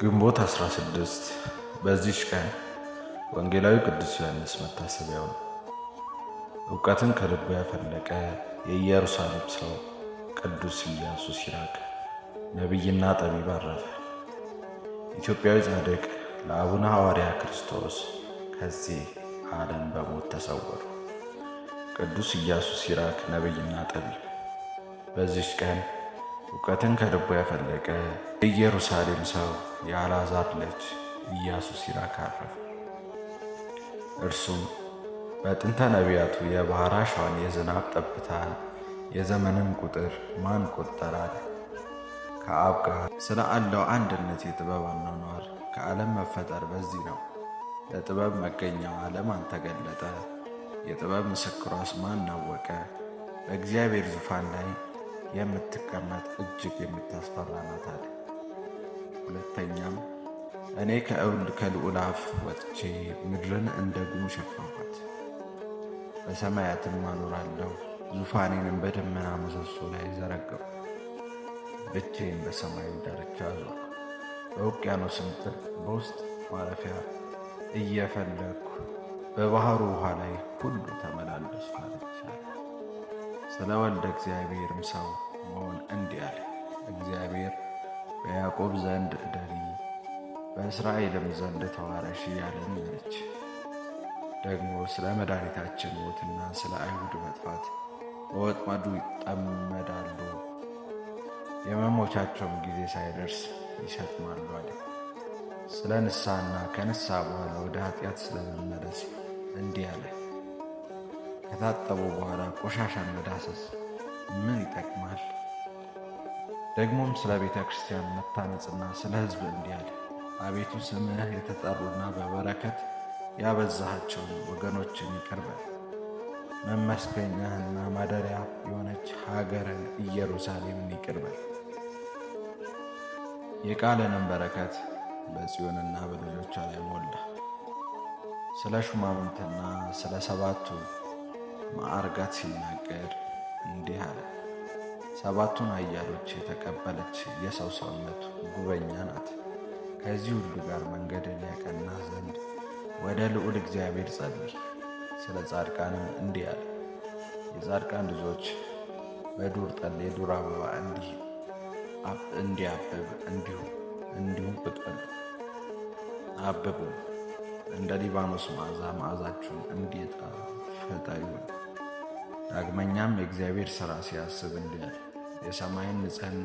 ግንቦት 16 በዚች ቀን ወንጌላዊ ቅዱስ ዮሐንስ መታሰቢያው ነው። እውቀትን ከልቡ ያፈለቀ የኢየሩሳሌም ሰው ቅዱስ ኢያሱ ሲራክ ነቢይና ጠቢብ አረፈ። ኢትዮጵያዊ ጻድቅ ለአቡነ ሐዋርያ ክርስቶስ ከዚህ ዓለም በሞት ተሰወሩ። ቅዱስ ኢያሱ ሲራክ ነቢይና ጠቢብ በዚች ቀን እውቀትን ከልቦ ያፈለቀ ኢየሩሳሌም ሰው የአልዓዛር ልጅ ኢያሱ ሲራክ አረፈ። እርሱም በጥንተ ነቢያቱ የባሕር አሸዋን፣ የዝናብ ጠብታ የዘመንን ቁጥር ማን ቆጠራል? ከአብ ጋር ስለ አለው አንድነት የጥበብ አኗኗር ከዓለም መፈጠር በዚህ ነው። ለጥበብ መገኛዋ ዓለም አንተገለጠ የጥበብ ምስክሯስ ማን አወቀ? በእግዚአብሔር ዙፋን ላይ የምትቀመጥ እጅግ የምታስፈራ ናት አለ። ሁለተኛም እኔ ከልዑል አፍ ወጥቼ ምድርን እንደ ጉም ሸፈንኳት፣ በሰማያትም አኖራለሁ፣ ዙፋኔንም በደመና ምሰሶ ላይ ዘረገው ብቻዬን በሰማዩ ዳርቻ ዞርኩ፣ በውቅያኖስም ጥልቅ በውስጥ ማረፊያ እየፈለግኩ በባህሩ ውሃ ላይ ሁሉ ተመላለሱ አለች። ስለ ወልደ እግዚአብሔርም ሰው መሆን እንዲህ አለ። እግዚአብሔር በያዕቆብ ዘንድ እደሪ በእስራኤልም ዘንድ ተዋረሽ እያለን ነች። ደግሞ ስለ መድኃኒታችን ሞትና ስለ አይሁድ መጥፋት በወጥመዱ ይጠመዳሉ፣ የመሞቻቸውም ጊዜ ሳይደርስ ይሰጥማሉ አለ። ስለ ንስሐና ከንስሐ በኋላ ወደ ኃጢአት ስለመመለስ እንዲህ አለ። ከታጠቡ በኋላ ቆሻሻን መዳሰስ ምን ይጠቅማል? ደግሞም ስለ ቤተ ክርስቲያን መታነጽና ስለ ሕዝብ እንዲህ አለ። አቤቱ ስምህ የተጠሩና በበረከት ያበዛሃቸውን ወገኖችን ይቅር በል። መመስገኛህና ማደሪያ የሆነች ሀገርን ኢየሩሳሌምን ይቅር በል። የቃልንም በረከት በጽዮንና በልጆቿ ላይ ሞላ። ስለ ሹማምንትና ስለ ሰባቱ ማዕርጋት ሲናገር እንዲህ አለ። ሰባቱን አያሎች የተቀበለች የሰው ሰውነት ጉበኛ ናት። ከዚህ ሁሉ ጋር መንገድን ያቀና ዘንድ ወደ ልዑል እግዚአብሔር ጸልይ። ስለ ጻድቃንም እንዲህ አለ። የጻድቃን ልጆች በዱር ጠል የዱር አበባ እንዲያብብ እንዲሁ እንዲሁም ብጠሉ አብቡ እንደ ሊባኖስ መዓዛ መዓዛችሁን እንዲጣፍጥ ይሁን። ዳግመኛም የእግዚአብሔር ሥራ ሲያስብ እንዲህ የሰማይን የሰማይን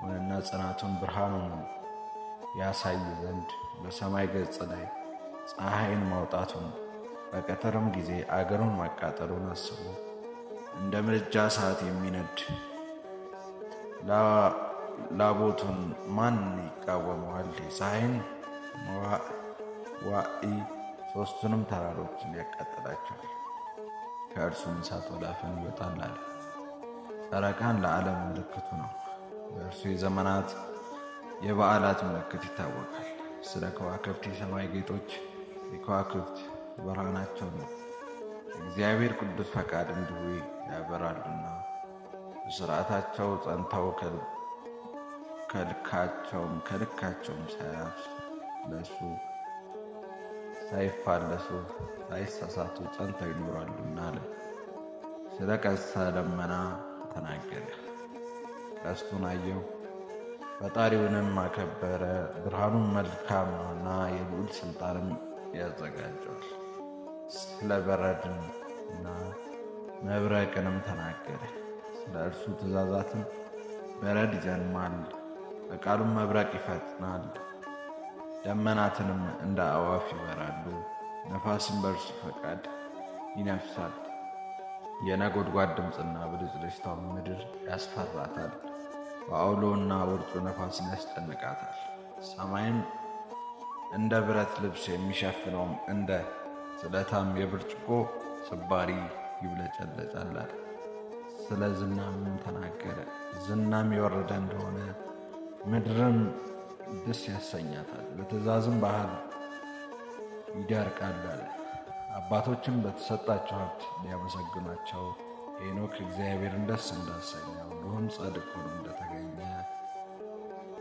ሆነና ጽናቱን ብርሃኑን ያሳይ ዘንድ በሰማይ ገጽ ላይ ፀሐይን ማውጣቱን በቀትርም ጊዜ አገሩን ማቃጠሉን አስቡ። እንደ ምድጃ ሰዓት የሚነድ ላቦቱን ማን ይቃወመዋል? የፀሐይን መዋኢ ሦስቱንም ተራሮችን ያቃጥላቸዋል። ከእርሱም እሳት ወላፈን ይወጣል አለ። ጨረቃን ለዓለም ምልክቱ ነው። በእርሱ የዘመናት የበዓላት ምልክት ይታወቃል። ስለ ከዋክብት የሰማይ ጌጦች የከዋክብት ብርሃናቸው ነው። እግዚአብሔር ቅዱስ ፈቃድ እንዲሁ ያበራሉና በስርዓታቸው ጸንተው ከልካቸውም ከልካቸውም ሳያፍ ለእሱ ሳይፋለሱ ሳይሳሳቱ ጸንተው ይኖራሉና አለ። ስለ ቀስተ ደመና ተናገረ። ቀስቱን አየው፣ ፈጣሪውንም አከበረ። ብርሃኑን መልካም ነውና የልዑል ስልጣንም ያዘጋጀዋል። ስለ በረድን እና መብረቅንም ተናገረ። ስለ እርሱ ትእዛዛትም በረድ ይዘንማል፣ በቃሉም መብረቅ ይፈጥናል። ደመናትንም እንደ አዋፍ ይበራሉ። ነፋስን በእርሱ ፈቃድ ይነፍሳል። የነጎድጓድ ድምፅና ብልጭልጭታው ምድር ያስፈራታል። በአውሎና ውርጩ ነፋስን ያስጨንቃታል። ሰማይን እንደ ብረት ልብስ የሚሸፍነውም እንደ ስለታም የብርጭቆ ስባሪ ይብለጨለጫላል። ስለ ዝናምም ተናገረ። ዝናም የወረደ እንደሆነ ምድርም ደስ ያሰኛታል፣ በትእዛዝም ባህል ይዳርቃል አለ። አባቶችም በተሰጣቸው ሀብት ሊያመሰግናቸው ሄኖክ እግዚአብሔርን ደስ እንዳሰኘው እንዲሁም ጸድቅ ሆኖ እንደተገኘ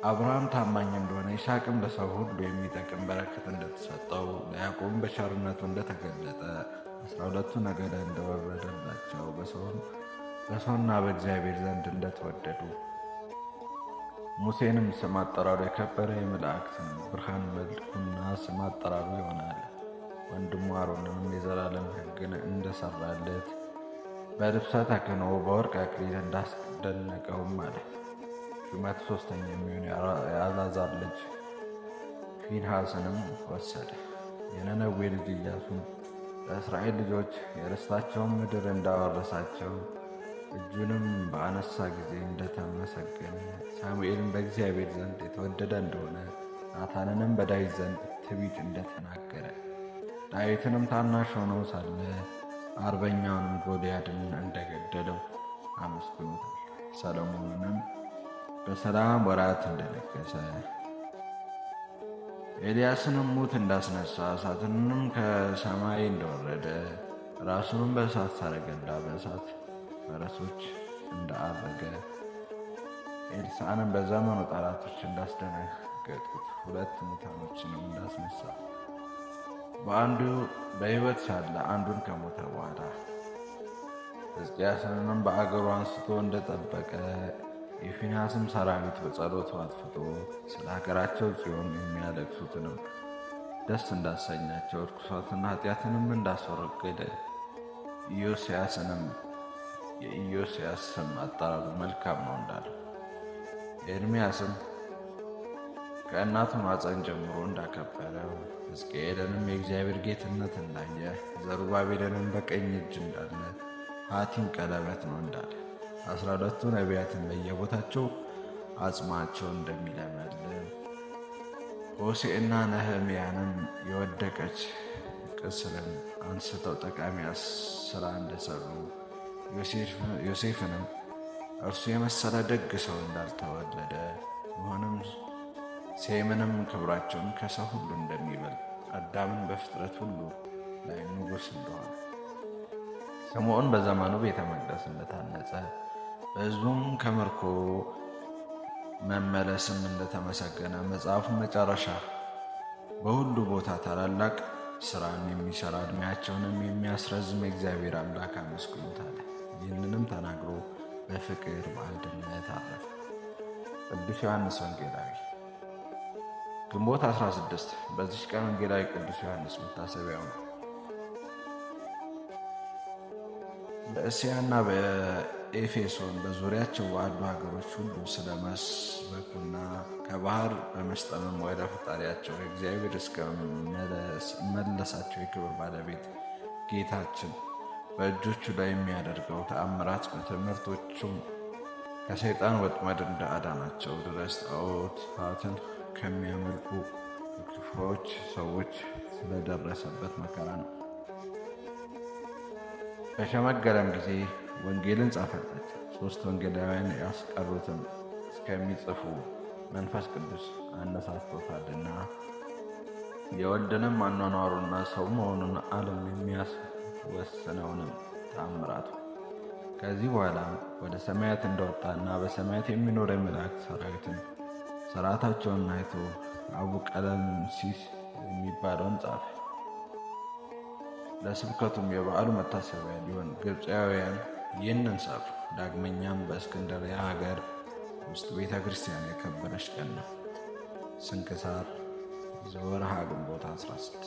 አብርሃም ታማኝ እንደሆነ ይስሐቅም ለሰው ሁሉ የሚጠቅም በረከት እንደተሰጠው ለያዕቆብም በቸርነቱ እንደተገለጠ አስራ ሁለቱ ነገደ እንደወረደላቸው በሰውና በእግዚአብሔር ዘንድ እንደተወደዱ ሙሴንም ስም አጠራሩ የከበረ የመላእክትን ብርሃን መልኩና ስም አጠራሩ ይሆናል። ወንድሙ አሮንንም የዘላለም ሕግን እንደሰራለት በልብሳት አክኖ በወርቅ አክሊል እንዳስደነቀውም አለ። ሹመት ሶስተኛ የሚሆን የአልዓዛር ልጅ ፊንሃስንም ወሰደ። የነነዌ ልጅ ኢያሱም ለእስራኤል ልጆች የርስታቸውን ምድር እንዳወረሳቸው እጁንም በአነሳ ጊዜ እንደተመሰገነ ሳሙኤልን በእግዚአብሔር ዘንድ የተወደደ እንደሆነ ናታንንም በዳዊት ዘንድ ትቢት እንደተናገረ ዳዊትንም ታናሽ ሆነው ሳለ አርበኛውንም ጎልያድን እንደገደለው አመስግኖታል። ሰለሞንንም በሰላም ወራት እንደነገሰ ኤልያስንም ሙት እንዳስነሳ እሳትንም ከሰማይ እንደወረደ ራሱንም በእሳት ሳረገላ በእሳት ፈረሶች እንደአረገ ኤልሳዕንም በዘመኑ ጠላቶች እንዳስደነገጡት ሁለት ሙታኖችንም እንዳስነሳ በአንዱ በሕይወት ሳለ አንዱን ከሞተ በኋላ ሕዝቅያስንም በአገሩ አንስቶ እንደጠበቀ የፊንሐስም ሰራዊት በጸሎቱ አጥፍቶ ስለ ሀገራቸው ጽዮን የሚያለቅሱትንም ደስ እንዳሰኛቸው እርኩሳትና ኃጢአትንም እንዳስወረገደ ኢዮስያስንም የኢዮስያስ ስም አጠራሩ መልካም ነው እንዳለ ኤርሚያስም ከእናቱ ማፀን ጀምሮ እንዳከበረው ሕዝቅኤልንም የእግዚአብሔር ጌትነት እንዳየ ዘሩባቤልንም በቀኝ እጅ እንዳለ ሐቲም ቀለበት ነው እንዳለ አስራ ሁለቱ ነቢያትን በየቦታቸው አጽማቸው እንደሚለመልም ሆሴዕና ነህምያንም የወደቀች ቅስልን አንስተው ጠቃሚ ስራ እንደሰሩ ዮሴፍንም እርሱ የመሰለ ደግ ሰው እንዳልተወለደ መሆንም ሴምንም ክብራቸውን ከሰው ሁሉ እንደሚበልጥ አዳምን በፍጥረት ሁሉ ላይ ንጉሥ እንደሆነ ስምዖን በዘመኑ ቤተ መቅደስ እንደታነጸ በሕዝቡም ከምርኮ መመለስም እንደተመሰገነ መጽሐፉ መጨረሻ በሁሉ ቦታ ታላላቅ ስራን የሚሰራ እድሜያቸውንም የሚያስረዝም የእግዚአብሔር አምላክ አመስግኑታል። ይህንንም ተናግሮ በፍቅር በአንድነት አረፈ። ቅዱስ ዮሐንስ ወንጌላዊ ግንቦት 16 በዚች ቀን ወንጌላዊ ቅዱስ ዮሐንስ መታሰቢያው ነው። በእስያና በኤፌሶን በዙሪያቸው ባሉ ሀገሮች ሁሉ ስለ መስበኩና ከባህር በመስጠምም ወደ ፈጣሪያቸው እግዚአብሔር እስከ መለሳቸው የክብር ባለቤት ጌታችን በእጆቹ ላይ የሚያደርገው ተአምራት በትምህርቶቹም ከሰይጣን ወጥመድ እንደ አዳናቸው ድረስ ፋትን ከሚያመልኩ ክፉዎች ሰዎች ስለደረሰበት መከራ ነው። በሸመገለም ጊዜ ወንጌልን ጻፈለት። ሶስት ወንጌላውያን ያስቀሩትም እስከሚጽፉ መንፈስ ቅዱስ አነሳስቶታልና የወልድንም አኗኗሩና ሰው መሆኑን ዓለም የሚያስ ወሰነውንም ታምራቱ። ከዚህ በኋላ ወደ ሰማያት እንደወጣና በሰማያት የሚኖር የመላእክት ሰራዊትን ስርዓታቸውን አይቶ አቡ ቀለምሲስ የሚባለውን ጻፈ። ለስብከቱም የበዓሉ መታሰቢያ ሊሆን ግብፃውያን ይህንን ጻፉ። ዳግመኛም በእስክንድርያ ሀገር ውስጥ ቤተ ክርስቲያን የከበረች ቀን ነው። ስንክሳር ዘወርሃ ግንቦት 16